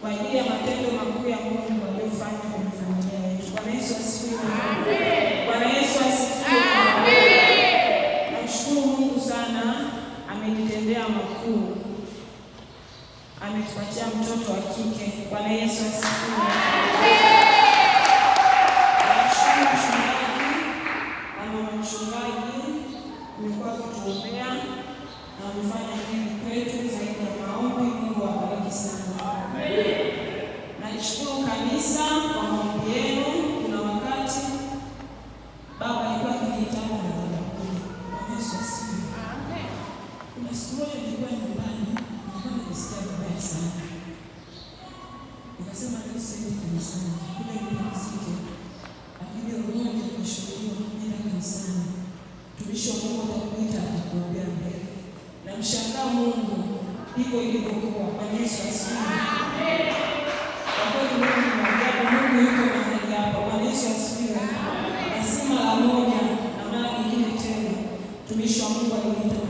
kwa ajili ya matendo makuu ya Mungu waliofanya kwenye familia yetu. Bwana Yesu asifiwe. Bwana Yesu asifiwe. Namshukuru Mungu sana, amenitendea makuu, ametupatia mtoto wa kike. Bwana Yesu asifiwe. ndivyo ilivyokuwa. Bwana Yesu asifiwe. Amen. Kwa Yesu asifiwe. Nasema la moja na mara nyingine tena, mtumishi wa Mungu alilitoa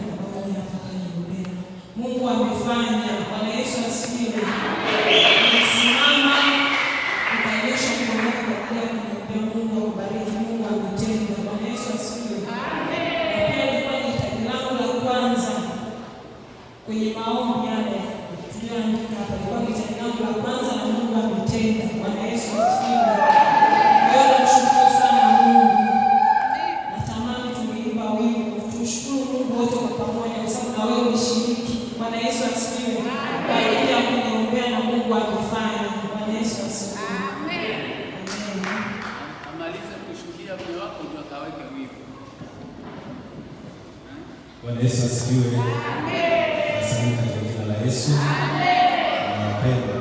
Con eso ha la Santa que la ESO. Amén.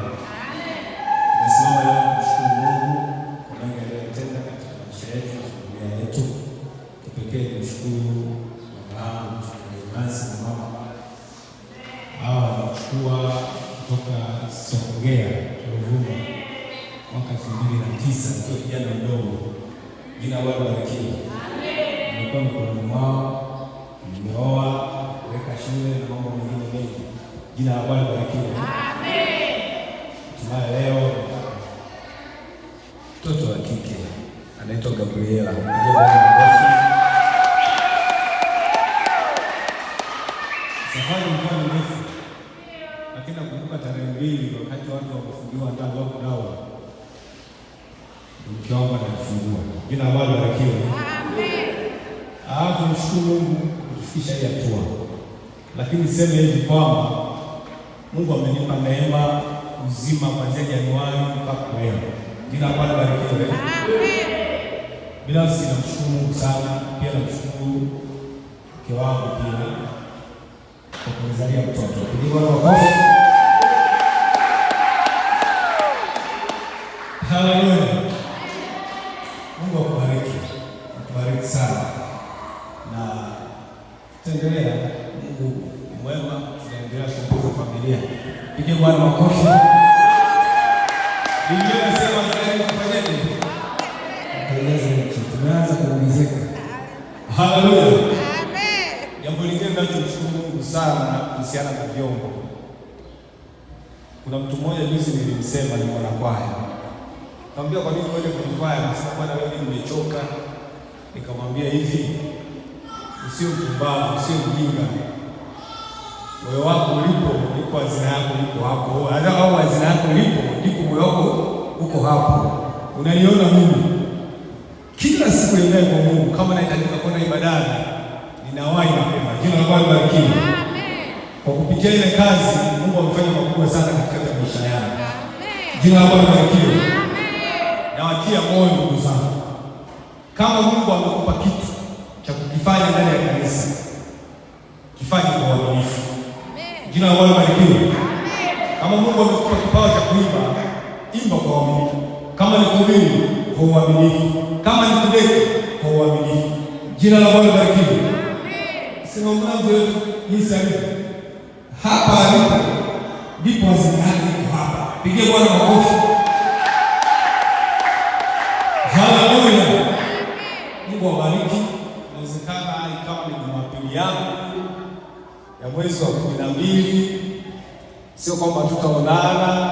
kufungiwa ndani wako nao mkiomba na jina la Bwana barikiwe. Alafu mshukuru Mungu kufikisha hii hatua, lakini niseme hivi kwamba Mungu amenipa neema uzima kuanzia Januari mpaka leo. Jina la Bwana barikiwe. Binafsi namshukuru Mungu sana, pia namshukuru mke wangu pia kwa kunizalia mtoto. Pigieni Haleluya. Mungu akubariki. Akubariki sana. Na tutaendelea, Mungu ni mwema, tunaendelea kukuza familia. Pigie Bwana makofi. Biblia inasema zaidi kufanyaje? Kueleza nchi. Tumeanza kuongezeka. Haleluya. Amen. Jambo lingine tunachomshukuru Mungu sana kuhusiana na vyombo. Kuna mtu mmoja juzi nilimsema ni kwaya Nikamwambia kwa nini uende kwenye kwaya? Sasa bwana, mimi nimechoka. Nikamwambia hivi, usio mpumbavu, usio mjinga. Moyo wako ulipo ndipo hazina yako iko hapo, Hata au hazina yako ulipo ndipo moyo wako uko hapo. Unaniona mimi kila siku niendaye kwa Mungu, kama nahitajika kwenda ibadani ninawahi mapema. Jina la Bwana libarikiwe. Kwa kupitia ile kazi Mungu amefanya makubwa sana katika maisha yangu. Jina la Bwana Amen kuwatia moyo ndugu zangu, kama Mungu amekupa kitu cha kukifanya ndani ya kanisa, kifanye kwa uaminifu. Jina la Bwana libarikiwe. Kama Mungu amekupa kipawa cha kuimba, imba kwa uaminifu. Kama ni kuhubiri, kwa uaminifu. Kama ni kudeki, kwa uaminifu. Jina la Bwana libarikiwe. Sema mwanzo wetu ni sahihi. hapa alipo, ndipo azimani hapa. Pigie Bwana makofi. mwezi wa kumi na mbili. Sio kwamba tutaonana,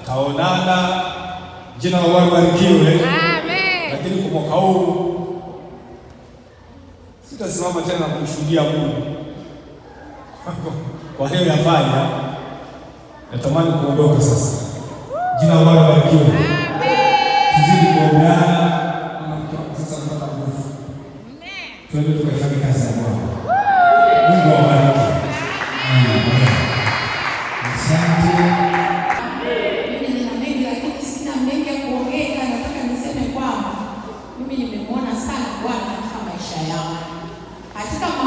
tutaonana, jina la Bwana barikiwe, Amen. lakini kwa mwaka huu sitasimama tena kumshuhudia Mungu kwa hiyo yafanya, natamani kuondoka sasa. Jina la Bwana barikiwe, Amen. tuzidi kuombeana sasa, mpaka nguvu tuende tukafanya kazi ya Bwana. Mungu awabariki. Bwana katika maisha yao katika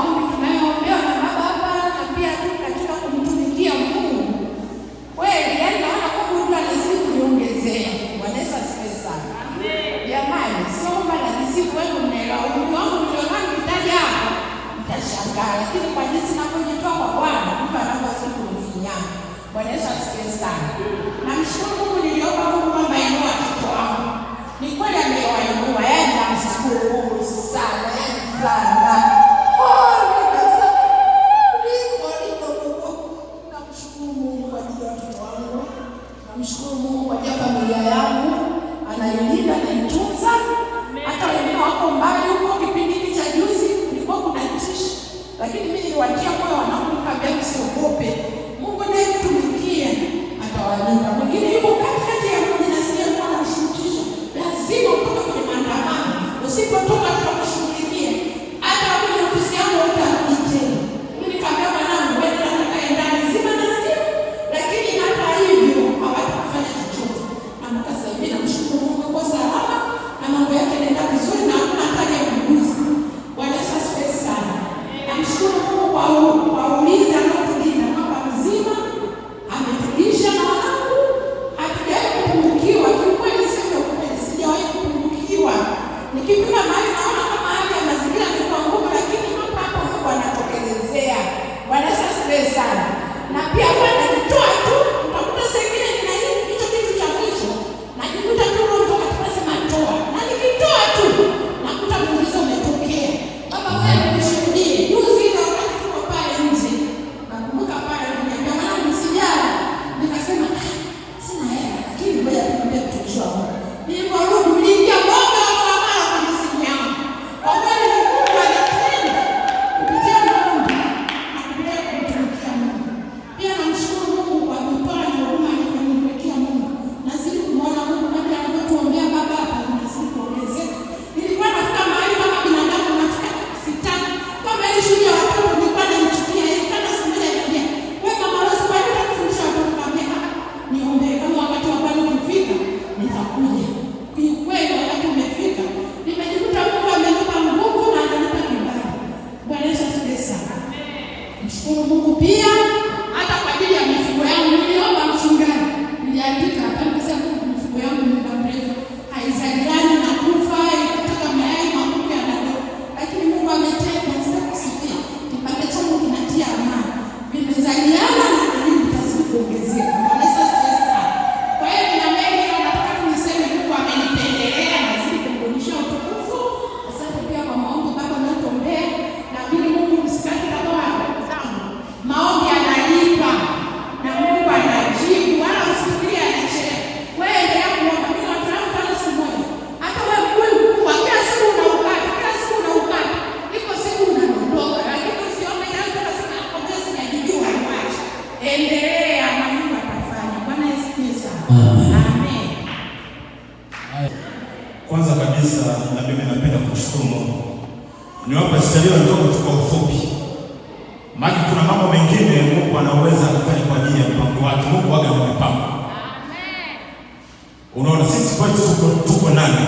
kwamba sisi kwetu tuko, tuko nani?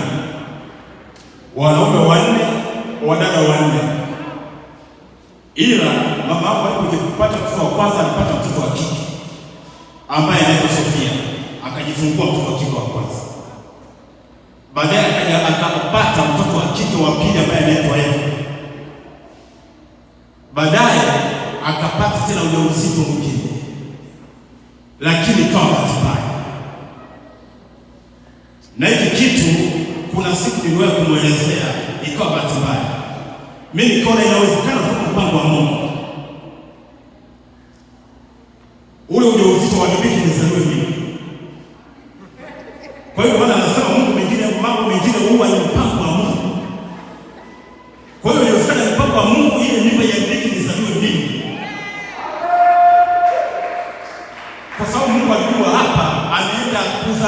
wanaume wanne, wadada wanne, ila mama yako alipojipata mtoto wa kwanza alipata mtoto wa kike ambaye anaitwa Sofia, akajifungua mtoto wa kike wa kwanza, baadaye akaja akapata mtoto wa kike wa pili ambaye anaitwa Eva, baadaye akapata tena ujauzito mwingine, lakini kama batimbaya na hiki kitu kuna siku niliwahi kumwelezea ikawa bahati mbaya, mimi nikaona inawezekana kwa mpango wa Mungu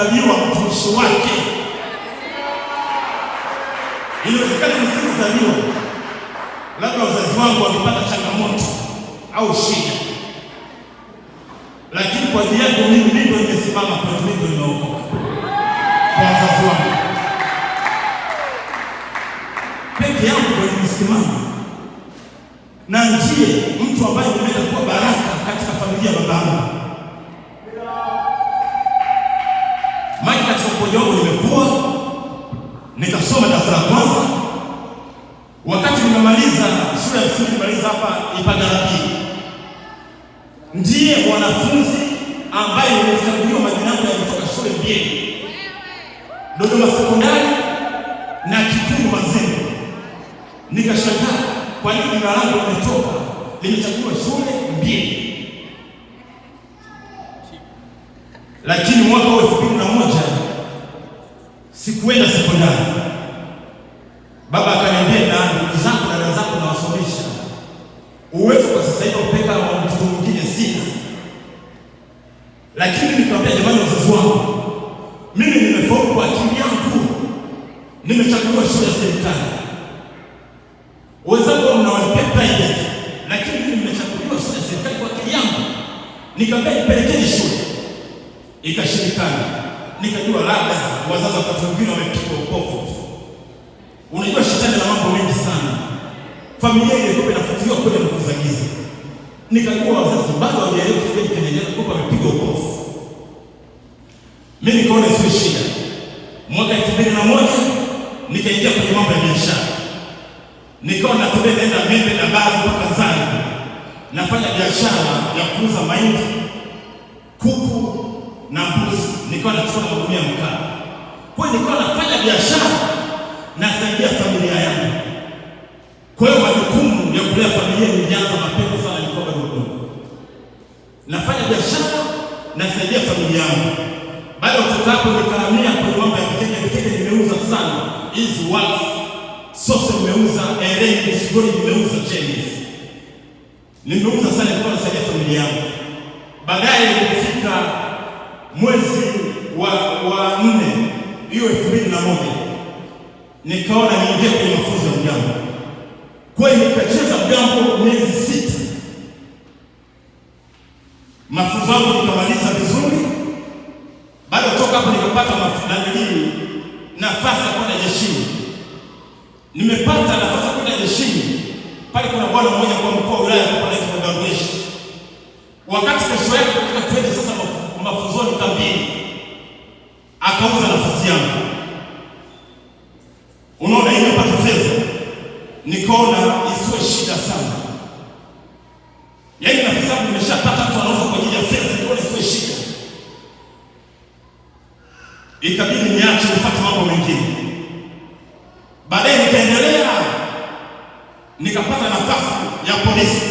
kuzaliwa mtumishi wake. Inawezekana nisikuzaliwa, labda wazazi wangu walipata changamoto au shida, lakini kwa ajili yako mimi ndipo nimesimama, kwa ajili ndivyo nimeokoka kwa wazazi wangu peke yangu, ndio nimesimama na njie kwa hiyo jina langu limetoka, limechaguliwa shule mbili, lakini mwaka wa elfu mbili na moja sikuenda sekondari Mimi nikaona sio shida. Mwaka moja nikaingia kwenye mambo ya biashara, nikawa natembea naenda Membe na Baru mpaka Zanzibar, nafanya biashara ya kuuza mahindi, kuku na mbuzi, nikawa nachukua na magunia mkaa. Kwa hiyo nikawa nafanya biashara, nasaidia familia yangu. Kwa hiyo majukumu ya kulea familia nilianza mapema sana, nilikuwa bado mdogo, nafanya biashara, nasaidia familia yangu baada ya utatapo nikahamia kwenye mambo ya vitenge. Vitenge nimeuza sana, hizi watu sose nimeuza, ereni mishigoni nimeuza, cheni nimeuza sana, nilikuwa nasaidia familia yangu. Baadaye ilifika mwezi wa wa nne hiyo elfu mbili na moja nikaona niingie kwenye mafunzo ya mgambo. Kwa hiyo nikacheza mgambo miezi sita, mafunzo yangu nikamaliza vizuri kupata mafanikio nafasi kwenda jeshini. Nimepata nafasi kwenda jeshini pale, kuna bwana mmoja kwa mkoa wa wilaya pale Kibangweshi, wakati kesho yake katika twende sasa mafunzoni kambini, akauza nafasi yangu. Unaona, imepata fedha, nikaona isiwe shida sana mambo mengine. Baadaye nikaendelea nikapata nafasi ya polisi,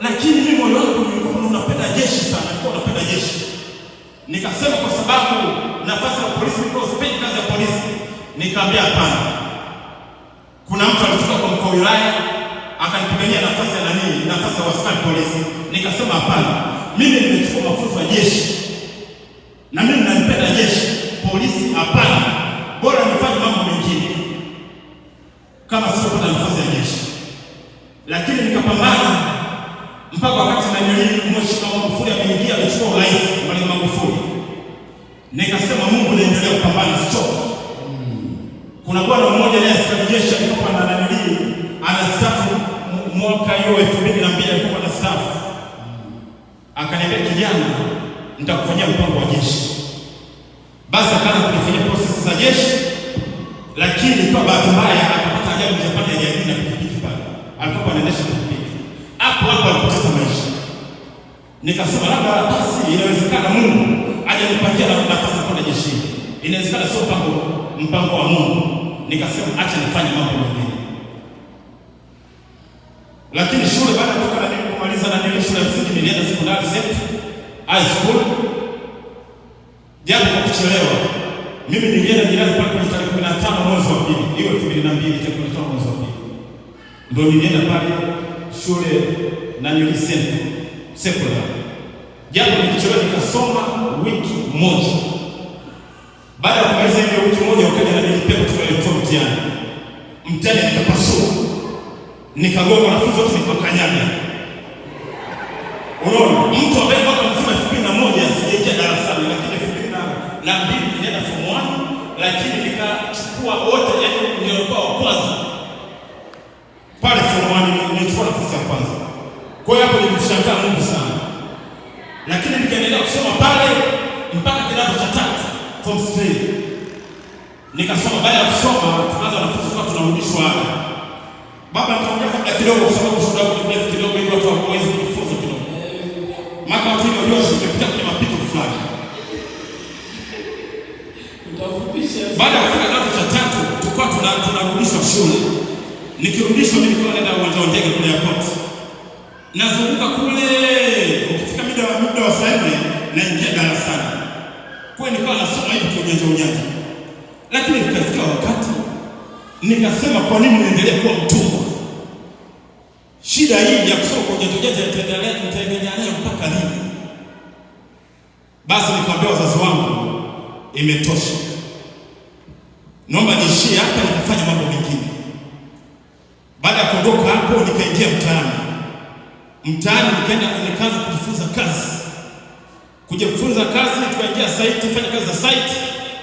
lakini mimi moyo wangu nilikuwa unapenda jeshi sana, nilikuwa unapenda jeshi. Nikasema kwa sababu nafasi ya polisi nilikuwa sipendi kazi ya polisi, nikaambia hapana, kuna mtu alitoka kwa mkoa wilaya akanipigania nafasi ya nani, nafasi ya askari polisi. Nikasema hapana, mimi nimechukua mafunzo ya jeshi na mimi nalipenda jeshi polisi? Hapana, bora nifanye mambo mengine kama sio sipopata nafasi ya jeshi. Lakini nikapambana mpaka wakati na Moshi kama Magufuli ameingia, amechukua urais Mwalimu Magufuli, nikasema Mungu, naendelea kupambana, sio Kuna bwana mmoja naye askari jeshi alikuwa na nanilii anastaafu mwaka hiyo elfu mbili na mbili alikuwa anastaafu, akaniambia kijana, nitakufanyia mpango wa jeshi basi akaanza kufanya process za jeshi, lakini kwa bahati mbaya akapata ajali pande ya jangini na pikipiki pale. Alikuwa anaendesha pikipiki. Hapo hapo alipoteza maisha. Nikasema labda basi inawezekana Mungu aje nipangie na nafasi kwa jeshi. Inawezekana sio mpango mpango wa Mungu. Nikasema acha nifanye mambo mengine. Lakini shule baada ya kutoka na nilipomaliza na nilishule msingi nilienda sekondari zetu high school japo kwa kuchelewa. Mimi nilienda jirazi pale kwenye tarehe kumi na tano mwezi wa pili, hiyo elfu mbili na mbili tarehe kumi na tano mwezi wa pili ndio nilienda pale shule na nilisema sekondari, japo nilichelewa nikasoma wiki moja. Baada ya kumaliza hiyo wiki moja, ukaja na nilipea kutoka mtihani, mtihani nikapasua, nikagonga wanafunzi wote nikakanyaga. Unaona, mtu ambaye mwaka mzima elfu mbili na moja sijaingia darasani lakini na mbili nilienda form 1 lakini nikachukua wote, yani nilikuwa wa kwanza pale form 1, nilichukua nafasi ya kwanza. Kwa hiyo hapo nilimshangaa Mungu sana, lakini nikaendelea kusoma pale mpaka kidato cha tatu form 3 nikasoma. Baada ya kusoma, tukaanza wanafunzi kwa tunarudishwa hapa. Baba nikaongea kabla kidogo, kwa sababu shuhuda wangu ni kidogo, ili watu waweze kujifunza kidogo, maana watu wengi wajua Baada ya kufika kidato cha tatu tukawa tunarudishwa shule. Nikirudishwa mimi nilikuwa naenda uwanja wa ndege kule airport. Nazunguka kule, ukifika muda wa muda wa saa nne naingia darasani. Kwa nilikuwa nasoma hivi kwa ujanja ujanja. Lakini ikafika wakati nikasema kwa nini niendelee kuwa mtumwa? Shida hii ya kusoma kwa ujanja ujanja itaendelea itaendelea nayo mpaka lini? Basi nikamwambia wazazi wangu imetosha. Naomba niishie hapa, nikafanya mambo mengine. Baada ya kuondoka hapo, nikaingia mtaani. Mtaani nikaenda nikaanza kujifunza kazi, kujifunza kazi, tukaingia site, tufanya kazi za site,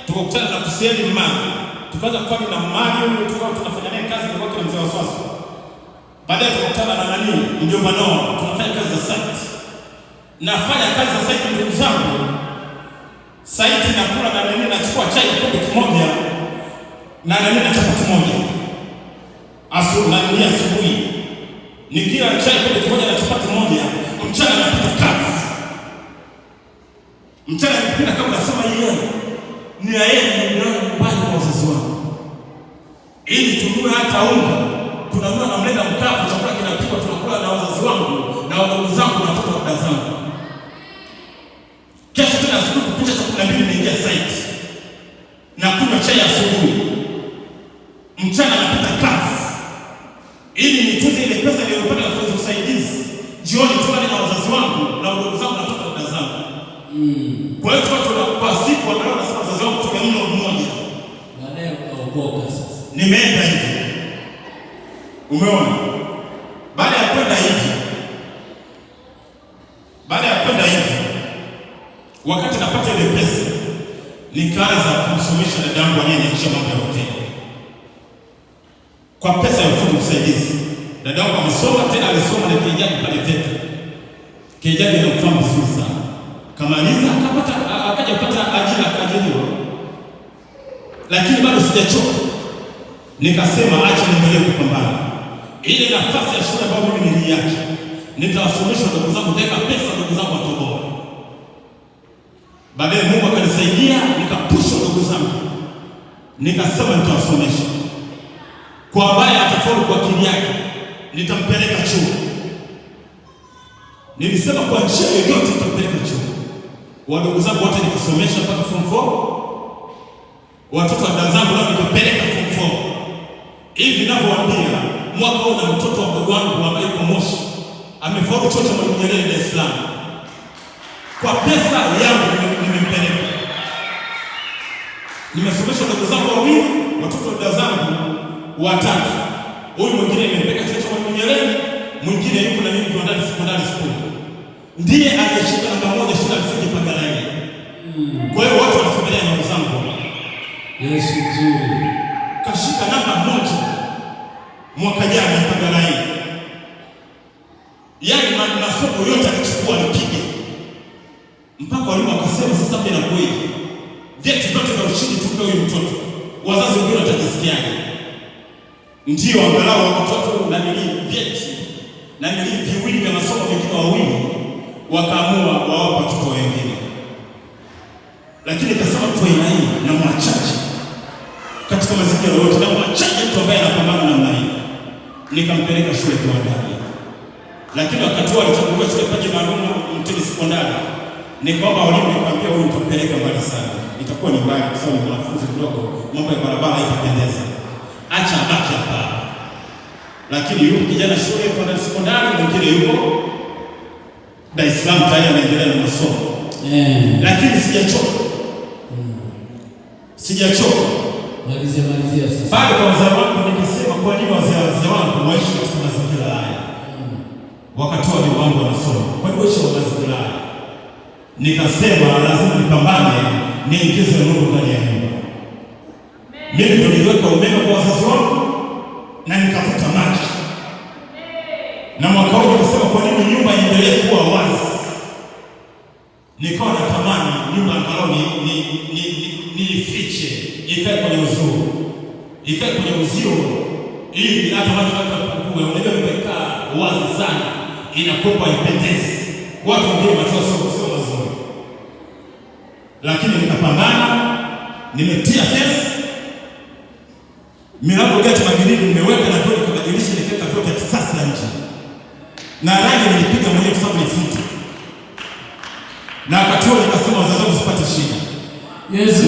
tukakutana na kusieni mali, tukaanza kufanya na mali, tukawa tunafanya naye kazi kwa kwa mzee wa Swaswa. Baadaye tukakutana na nani, mjomba Noa, tunafanya kazi za site, nafanya kazi za site, ndugu zangu, site nakula na nini, nachukua chai kikombe kimoja na angalia kichapa kimoja asubuhi asubuhi nikila chai kikombe kimoja na chapati moja, mchana napata kazi, mchana nikipita kama nasema hiyo ni aende nyumbani kwa wazazi wangu ili tunue hata unga, tunanunua na mlenda mkavu, chakula kinapikwa, tunakula na wazazi wangu na wadogo zangu na watoto wa dada zangu. Kesho tena asubuhi kupita saa kumi mbili naingia site Baadaye Mungu akanisaidia nikapusha ndugu zangu, nikasema nitawasomesha. Kwa ambaye atafaulu kwa akili yake nitampeleka chuo. Nilisema kwa njia yoyote nitampeleka chuo. Wadogo zangu wote nikasomesha mpaka form 4. Watoto wa dada zangu nao nikapeleka form 4. Hivi ninavyowaambia, mwaka huu na mtoto wa mdogo wangu ambaye yuko Moshi amefaulu chuo cha Mwalimu Nyerere Dar es Salaam kwa pesa yangu nimempeleka. Nimesomesha ndugu zangu wawili, watoto dada zangu watatu. Huyu mwingine nimempeleka chuo cha Mwalimu Nyerere, mwingine yuko na mimi Viwandani Sekondari School, ndiye aliyeshika namba moja shule ya msingi Pagalani. Hmm. Kwa hiyo watu wanasubiria ndugu zangu, Yesu mzuri kashika namba moja mwaka jana Pagalani. na kweli. Vyeti vyote vya ushindi tupe huyu mtoto, wazazi wengine watajisikiaje? Ndio angalau mtoto na nilii vyeti na nilii viwili vya masomo vingine wawili, wakaamua wawapa watoto wengine, lakini kasema mtu aina hii na mwachache katika mazingira yote, na mwachache mtu ambaye anapambana namna hii. Nikampeleka shule kiwandani, lakini wakati huo alichaguliwa shule Paji Marumo Mtemi sekondari ni kwamba walimu nikwambia, huyu nitampeleka mbali sana, itakuwa ni mbaya kwa sababu mwanafunzi mdogo, mambo ya barabara itapendeza, acha abaki hapa. Lakini yuko kijana shule na sekondari, mwingine yuko Dar es Salaam tayari anaendelea na masomo yeah. Lakini sijachoka mm. sijachoka malizia malizia sasa, bado kwa wazee wangu nikisema, kwa nini wazee wazee wangu waishi katika mazingira haya mm. wakatoa wangu wanasoma, kwa nini waishi mazingira haya nikasema lazima nipambane, niingize Mungu ndani ya nyumba. Mimi ndo niliweka umeme kwa wazazi wangu na nikafuta maji, na mwaka huu nikasema kwa nini nyumba iendelee kuwa wazi? Nikawa natamani nyumba angalau niifiche, ikae kwenye uzio, ikae kwenye uzio ili hata watu watakuwa, unajua imekaa wazi sana, inakopa ipendezi, watu ndio machoso lakini nikapambana, nimetia fes milango gati magirini, nimeweka na vyo nikabadilisha, nikaweka vyo vya kisasa nje na rangi nilipiga mwenyewe kwa sababu nifuta, na wakati huo nikasema wazazi wangu sipate shida. Yesu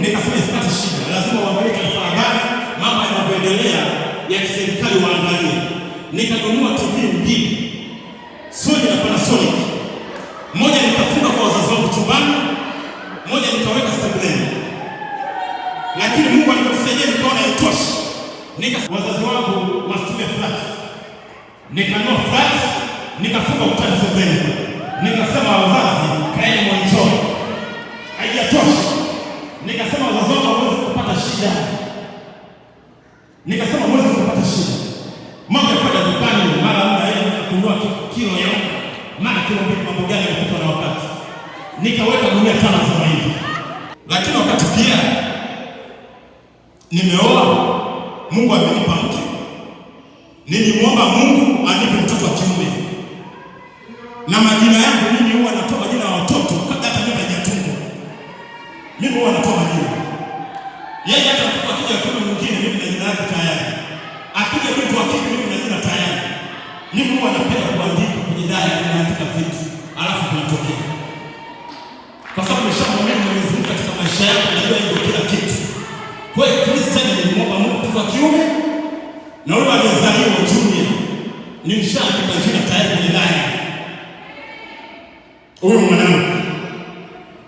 nikasema sipate shida, lazima waangalie kanisa gani, mambo yanavyoendelea ya kiserikali waangalie. Nikanunua TV mbili anipe mtoto wa kiume, na majina yangu mimi huwa natoa majina ya watoto kabla hata mimi hajatungwa. Mimi huwa natoa majina, yeye hata mtoto akija kiume mwingine, mimi na jina lake tayari. Akija mtu wa kike, mimi na jina tayari. Mimi huwa napenda kuandika kwenye daya, naandika vitu alafu kunatokea, kwa sababu nimeshamwamini Mwenyezi Mungu katika maisha yako, najua hivyo kila kitu. Kwa hiyo Kristo ni mwomba Mungu kwa kiume na yule aliyezaliwa Junior ni mshaandika jina tayari kwenye dai. Huyo mwanangu,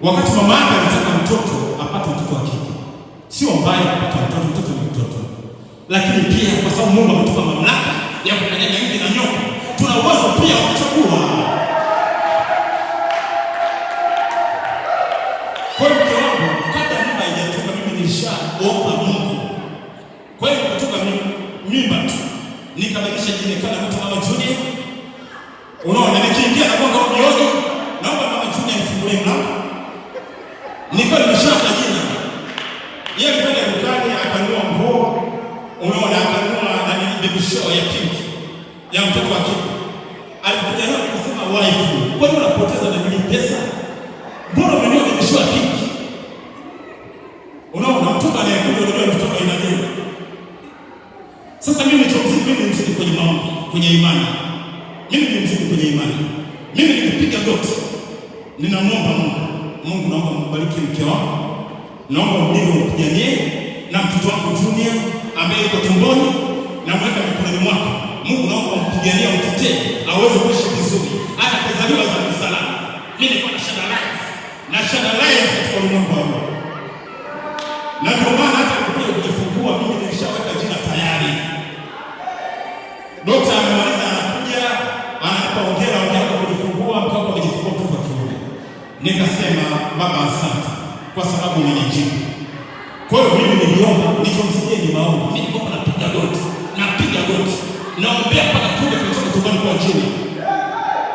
wakati mama yake anataka mtoto apate mtoto wa kike, sio mbaya kupata mtoto, mtoto ni mtoto, lakini pia kwa sababu Mungu ametupa mamlaka ya kukanyaga nge na nyoka, tuna uwezo pia wa kuchagua. Kwa hiyo mke wangu, kabla mimba haijatoka, mimi nilishaomba Mungu. Kwa hiyo kutoka mimba tu nikabadilisha jina kana mtu mama Junior. Unaona nikiingia na bongo ovyo, naomba mama Junior nifungulie mlango. Niko nimeshaka jina. Yeye kwenda dukani akanua nguo. Unaona akanua na nilibe show ya kinki ya mtoto wa kike. Alikuja hapo kusema wife, kwa nini unapoteza na mimi pesa? Mbona umenua ni show ya kinki? Unaona mtoto anayekuja ndio mtoto inajenga. Sasa mimi kwenye imani, mimi ni mfupi kwenye imani, mimi nikipiga goti, ninamwomba Mungu, Mungu naomba mbariki mke wako, naomba ulingo mpiganie na mtoto wako Junior ambaye yuko tumboni na mweka mikononi mwako. Mungu naomba mpiganie, mtetee aweze kuishi vizuri, hata kuzaliwa za msalama. Mimi niko na shada life na shada life kwa Mungu wangu na nikasema baba, asante kwa sababu umenijibu. Kwa hiyo mimi niliomba, nilichomsikia ni maombi, niliomba napiga goti, napiga goti, naombea mpaka kuja katika kutubani kwa jina.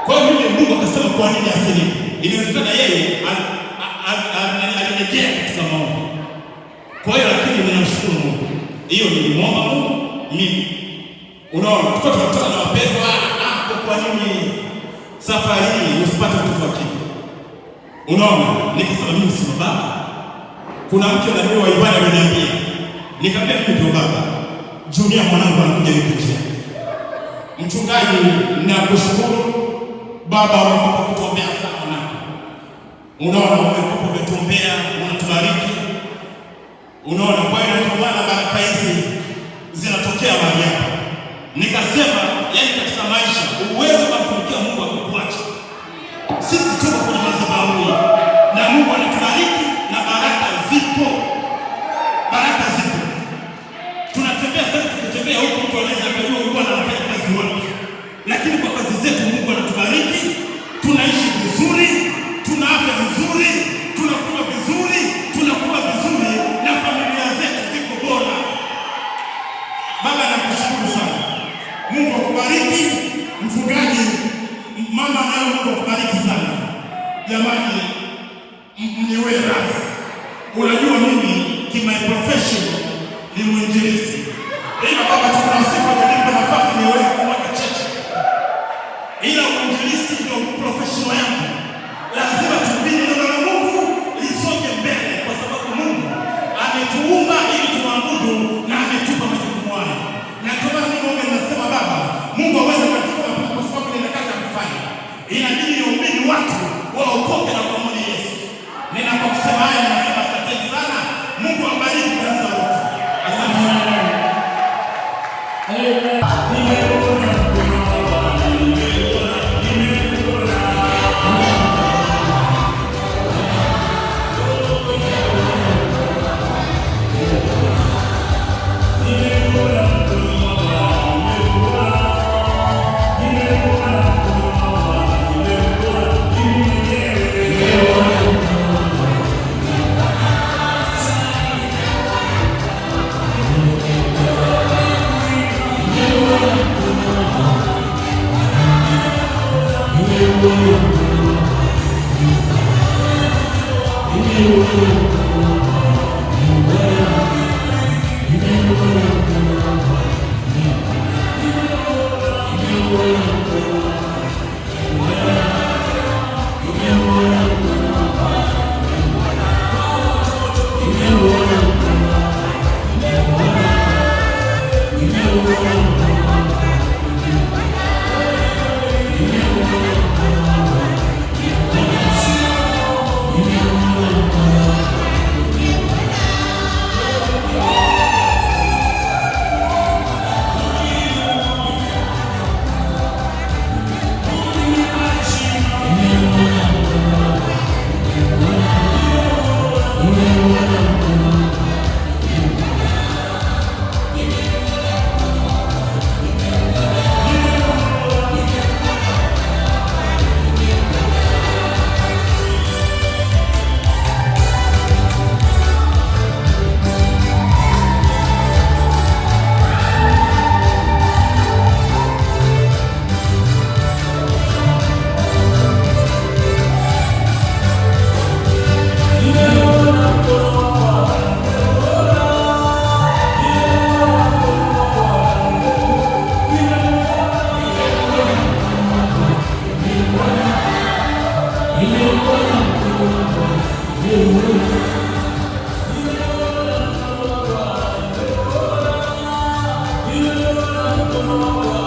Kwa hiyo mimi Mungu akasema, kwa nini asinipe? Inawezekana yeye alinejea katika maombi. Kwa hiyo lakini ninamshukuru Mungu, hiyo nilimwomba Mungu mimi. Unaona, tuko tunataka na wapendwa hapo. Ah, ah, kwa nini safari hii usipate mtu wa kike? Unaona, nikasema mimi sio baba. Kuna mtu anajua wa ibada ameniambia, nikamwambia mimi ndio baba. Jumia mwanangu anakuja nikuja. Mchungaji, nakushukuru baba kwa kutuombea sana. Unaona, kwa kutuombea unatubariki. Unaona, kwa hiyo ndio maana baraka hizi zinatokea mahali hapa. Nikasema, yaani katika maisha uwezo wa kumtumikia Mungu akuache. Sisi tuko Doing this. Oh,